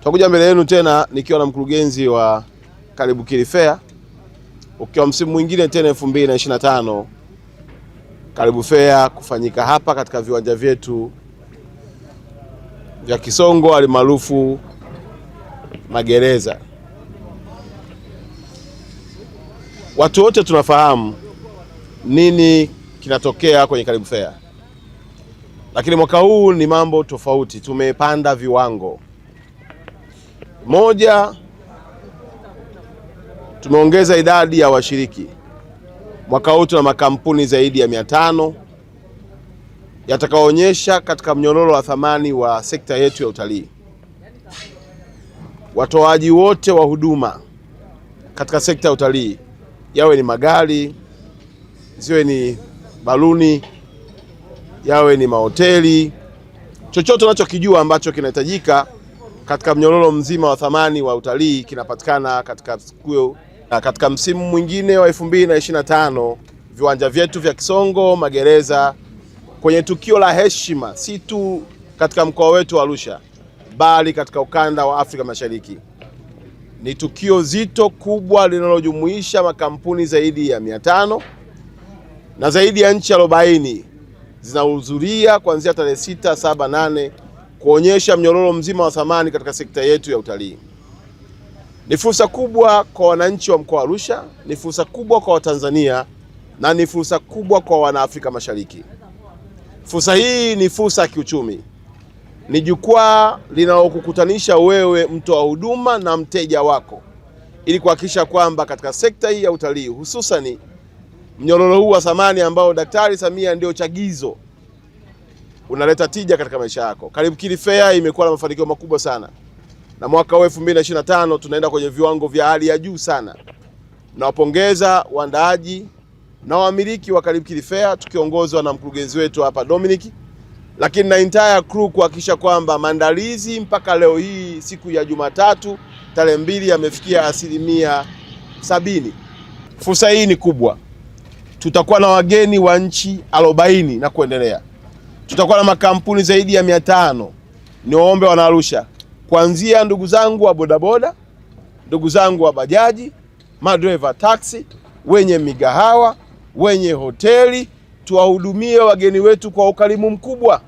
Tutakuja mbele yenu tena nikiwa na mkurugenzi wa Karibu Kili Fair, ukiwa msimu mwingine tena 2025 Karibu Fair kufanyika hapa katika viwanja vyetu vya Kisongo alimaarufu Magereza. Watu wote tunafahamu nini kinatokea kwenye Karibu Fair, lakini mwaka huu ni mambo tofauti. Tumepanda viwango moja, tumeongeza idadi ya washiriki mwaka huu, tuna makampuni zaidi ya mia tano yatakaoonyesha katika mnyororo wa thamani wa sekta yetu ya utalii. Watoaji wote wa huduma katika sekta ya utalii, yawe ni magari, ziwe ni baluni, yawe ni mahoteli, chochote unachokijua ambacho kinahitajika katika mnyororo mzima wa thamani wa utalii kinapatikana katika, katika msimu mwingine wa 2025 viwanja vyetu vya Kisongo Magereza kwenye tukio la heshima si tu katika mkoa wetu wa Arusha bali katika ukanda wa Afrika Mashariki. Ni tukio zito kubwa linalojumuisha makampuni zaidi ya 500 na zaidi ya nchi 40 zinahudhuria kuanzia tarehe 6, 7, nane kuonyesha mnyororo mzima wa thamani katika sekta yetu ya utalii. Ni fursa kubwa kwa wananchi wa mkoa wa Arusha, ni fursa kubwa kwa Watanzania na ni fursa kubwa kwa wanaafrika Mashariki. Fursa hii ni fursa ya kiuchumi, ni jukwaa linalokukutanisha wewe mtoa huduma na mteja wako, ili kuhakikisha kwamba katika sekta hii ya utalii hususani mnyororo huu wa thamani ambao Daktari Samia ndio chagizo unaleta tija katika maisha yako. Kili Fair imekuwa na mafanikio makubwa sana, na mwaka huu 2025 tunaenda kwenye viwango vya hali ya juu sana. Nawapongeza waandaaji na wamiliki wa Kili Fair tukiongozwa na mkurugenzi wetu hapa Dominic, lakini na entire crew kuhakikisha kwamba maandalizi mpaka leo hii siku ya Jumatatu tarehe mbili yamefikia asilimia sabini. Fursa hii ni kubwa, tutakuwa na wageni wa nchi arobaini na kuendelea tutakuwa na makampuni zaidi ya mia tano. Niwaombe Wanaarusha, kuanzia ndugu zangu wa bodaboda, ndugu zangu wa bajaji, madreva taxi, wenye migahawa, wenye hoteli, tuwahudumie wageni wetu kwa ukarimu mkubwa,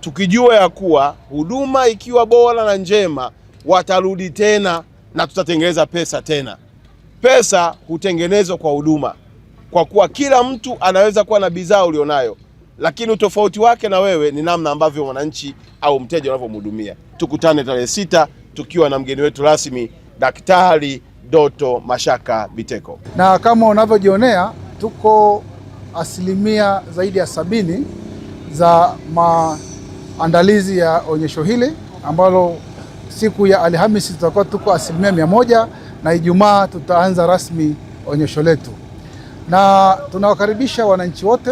tukijua ya kuwa huduma ikiwa bora na njema watarudi tena na tutatengeneza pesa tena. Pesa hutengenezwa kwa huduma, kwa kuwa kila mtu anaweza kuwa na bidhaa ulionayo lakini utofauti wake na wewe ni namna ambavyo mwananchi au mteja unavyomhudumia. Tukutane tarehe sita tukiwa na mgeni wetu rasmi Daktari Doto Mashaka Biteko, na kama unavyojionea tuko asilimia zaidi ya sabini za maandalizi ya onyesho hili ambalo siku ya Alhamisi tutakuwa tuko asilimia mia moja na Ijumaa tutaanza rasmi onyesho letu, na tunawakaribisha wananchi wote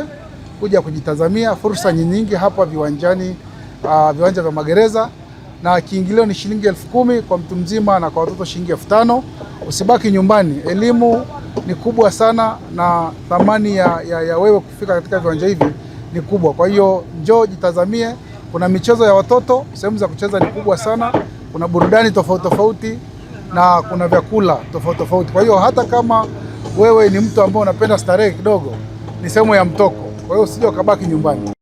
kuja kujitazamia fursa nyingi hapa viwanjani, uh, viwanja vya magereza na kiingilio ni shilingi elfu kumi kwa mtu mzima na kwa watoto shilingi elfu tano. Usibaki nyumbani, elimu ni kubwa sana na thamani ya, ya, ya wewe kufika katika viwanja hivi ni kubwa. Kwa hiyo njoo jitazamie, kuna michezo ya watoto, sehemu za kucheza ni kubwa sana, kuna burudani tofauti tofauti na kuna vyakula tofauti tofauti. Kwa hiyo hata kama wewe ni mtu ambaye unapenda starehe kidogo, ni sehemu ya mtoko. Kwa hiyo usije ukabaki nyumbani.